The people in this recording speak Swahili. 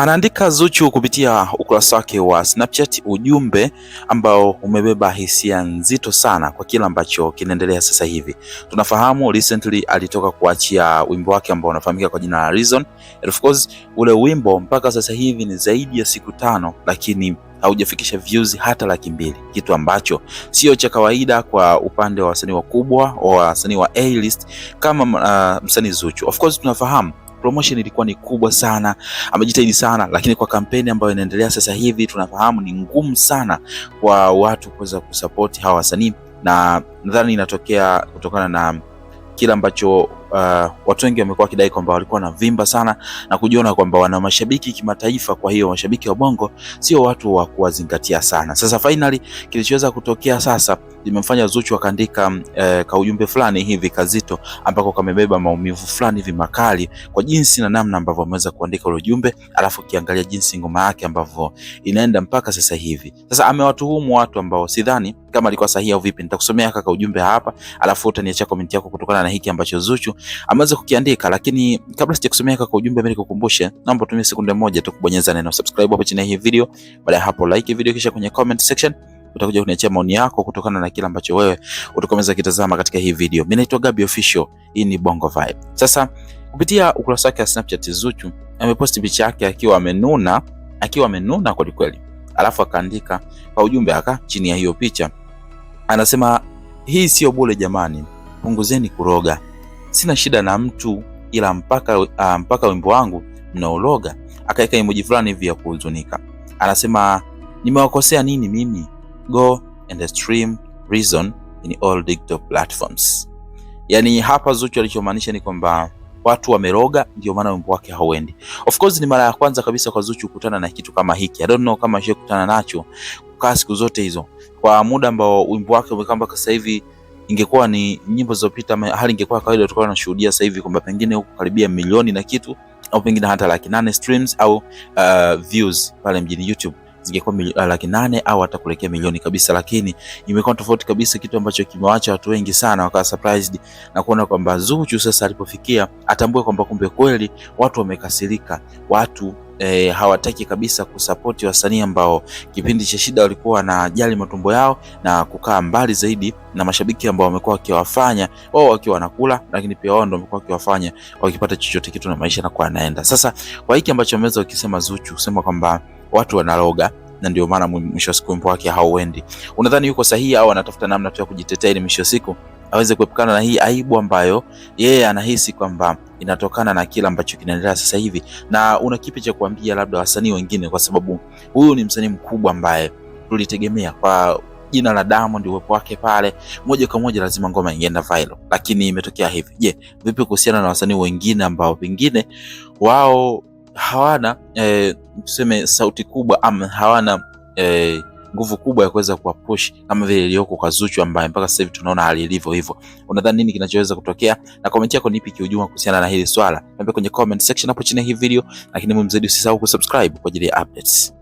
Anaandika Zuchu kupitia ukurasa wake wa Snapchat ujumbe ambao umebeba hisia nzito sana kwa kile ambacho kinaendelea sasa hivi. Tunafahamu recently alitoka kuachia wimbo wake ambao unafahamika kwa jina la Reason. Of course, ule wimbo mpaka sasa hivi ni zaidi ya siku tano, lakini haujafikisha views hata laki mbili, kitu ambacho sio cha kawaida kwa upande wa wasanii wakubwa wa wasanii wa A-list kama uh, msanii Zuchu. Of course, tunafahamu promotion ilikuwa ni kubwa sana, amejitahidi sana, lakini kwa kampeni ambayo inaendelea sasa hivi tunafahamu ni ngumu sana kwa watu kuweza kusapoti hawa wasanii, na nadhani inatokea kutokana na kile ambacho uh, watu wengi wamekuwa wakidai kwamba walikuwa na vimba sana na kujiona kwamba wana mashabiki kimataifa, kwa hiyo mashabiki wa Bongo sio watu wa kuwazingatia sana. Sasa finally kilichoweza kutokea sasa limemfanya Zuchu akaandika mm, e, eh, ka ujumbe fulani hivi kazito ambako kamebeba maumivu fulani hivi makali kwa jinsi na namna ambavyo ameweza kuandika ule ujumbe, alafu kiangalia jinsi ngoma yake ambavyo inaenda mpaka sasa hivi. Sasa amewatuhumu watu ambao sidhani kama alikuwa sahihi au vipi. Nitakusomea kaka ujumbe hapa, alafu utaniacha komenti yako kutokana na hiki ambacho Zuchu ameweza kukiandika, lakini kabla sijakusomea kwa ujumbe, mimi nikukumbushe, naomba tumie sekunde moja tu kubonyeza neno subscribe hapo chini ya hii video. Baada ya hapo, like video, kisha kwenye comment section utakuja kuniachia maoni yako kutokana na kile ambacho wewe utakomeza kitazama katika hii video. Mimi naitwa Gabi Official, hii ni Bongo Vibe. Sasa kupitia ukurasa wake wa Snapchat, Zuchu ameposti picha yake akiwa amenuna, akiwa amenuna kweli kweli, alafu akaandika kwa ujumbe aka chini ya hiyo picha anasema, hii sio bure jamani, punguzeni kuroga sina shida na mtu ila mpaka, uh, mpaka wimbo wangu mnaologa. Akaweka emoji fulani hivi ya kuhuzunika, anasema nimewakosea nini mimi? Go and stream Reason in all digital platforms. Yani hapa Zuchu alichomaanisha ni kwamba watu wameroga, ndio maana wimbo wake hauendi. Of course ni mara ya kwanza kabisa kwa Zuchu kukutana na kitu kama hiki. I don't know kama ashakutana nacho kwa siku zote hizo kwa muda ambao wimbo wake umekaa mpaka sasa hivi ingekuwa ni nyimbo zilizopita, hali ingekuwa kawaida, tukawa tunashuhudia sasa hivi kwamba pengine huko karibia milioni na kitu au pengine hata laki nane streams au uh, views pale mjini YouTube zingekuwa ah, laki nane au hata kuelekea milioni kabisa, lakini imekuwa tofauti kabisa, kitu ambacho kimewaacha watu wengi sana wakawa surprised na kuona kwamba Zuchu sasa alipofikia atambue kwamba kumbe kweli watu wamekasirika, watu E, hawataki kabisa kusapoti wasanii ambao kipindi cha shida walikuwa wanajali matumbo yao na kukaa mbali zaidi na mashabiki ambao wamekuwa wakiwafanya wao wakiwa wanakula, lakini pia wao ndio wamekuwa wakiwafanya wakipata chochote kitu na maisha na kwa anaenda sasa. Kwa hiki ambacho ameweza ukisema Zuchu kusema kwamba watu wanaroga na ndio maana mwisho wa siku mpo wake hauendi. Unadhani yuko sahihi au anatafuta namna tu ya kujitetea ili mwisho wa siku aweze kuepukana na hii aibu ambayo yeye anahisi kwamba inatokana na kile ambacho kinaendelea sasa hivi? Na una kipi cha kuambia labda wasanii wengine, kwa sababu huyu ni msanii mkubwa ambaye tulitegemea kwa jina la Diamond, uwepo wake pale moja kwa moja lazima ngoma ingeenda viral, lakini imetokea hivi. Je, vipi kuhusiana na wasanii wengine ambao pengine wao hawana e, tuseme sauti kubwa ama hawana e, nguvu kubwa ya kuweza kuwapush kama vile iliyoko kwa Zuchu ambaye mpaka sasa hivi tunaona hali ilivyo hivyo. Unadhani nini kinachoweza kutokea? Na comment yako ni ipi kiujumla kuhusiana na hili swala, niambie kwenye comment section hapo chini ya hii video, lakini muhimu zaidi usisahau kusubscribe kwa ajili ya updates.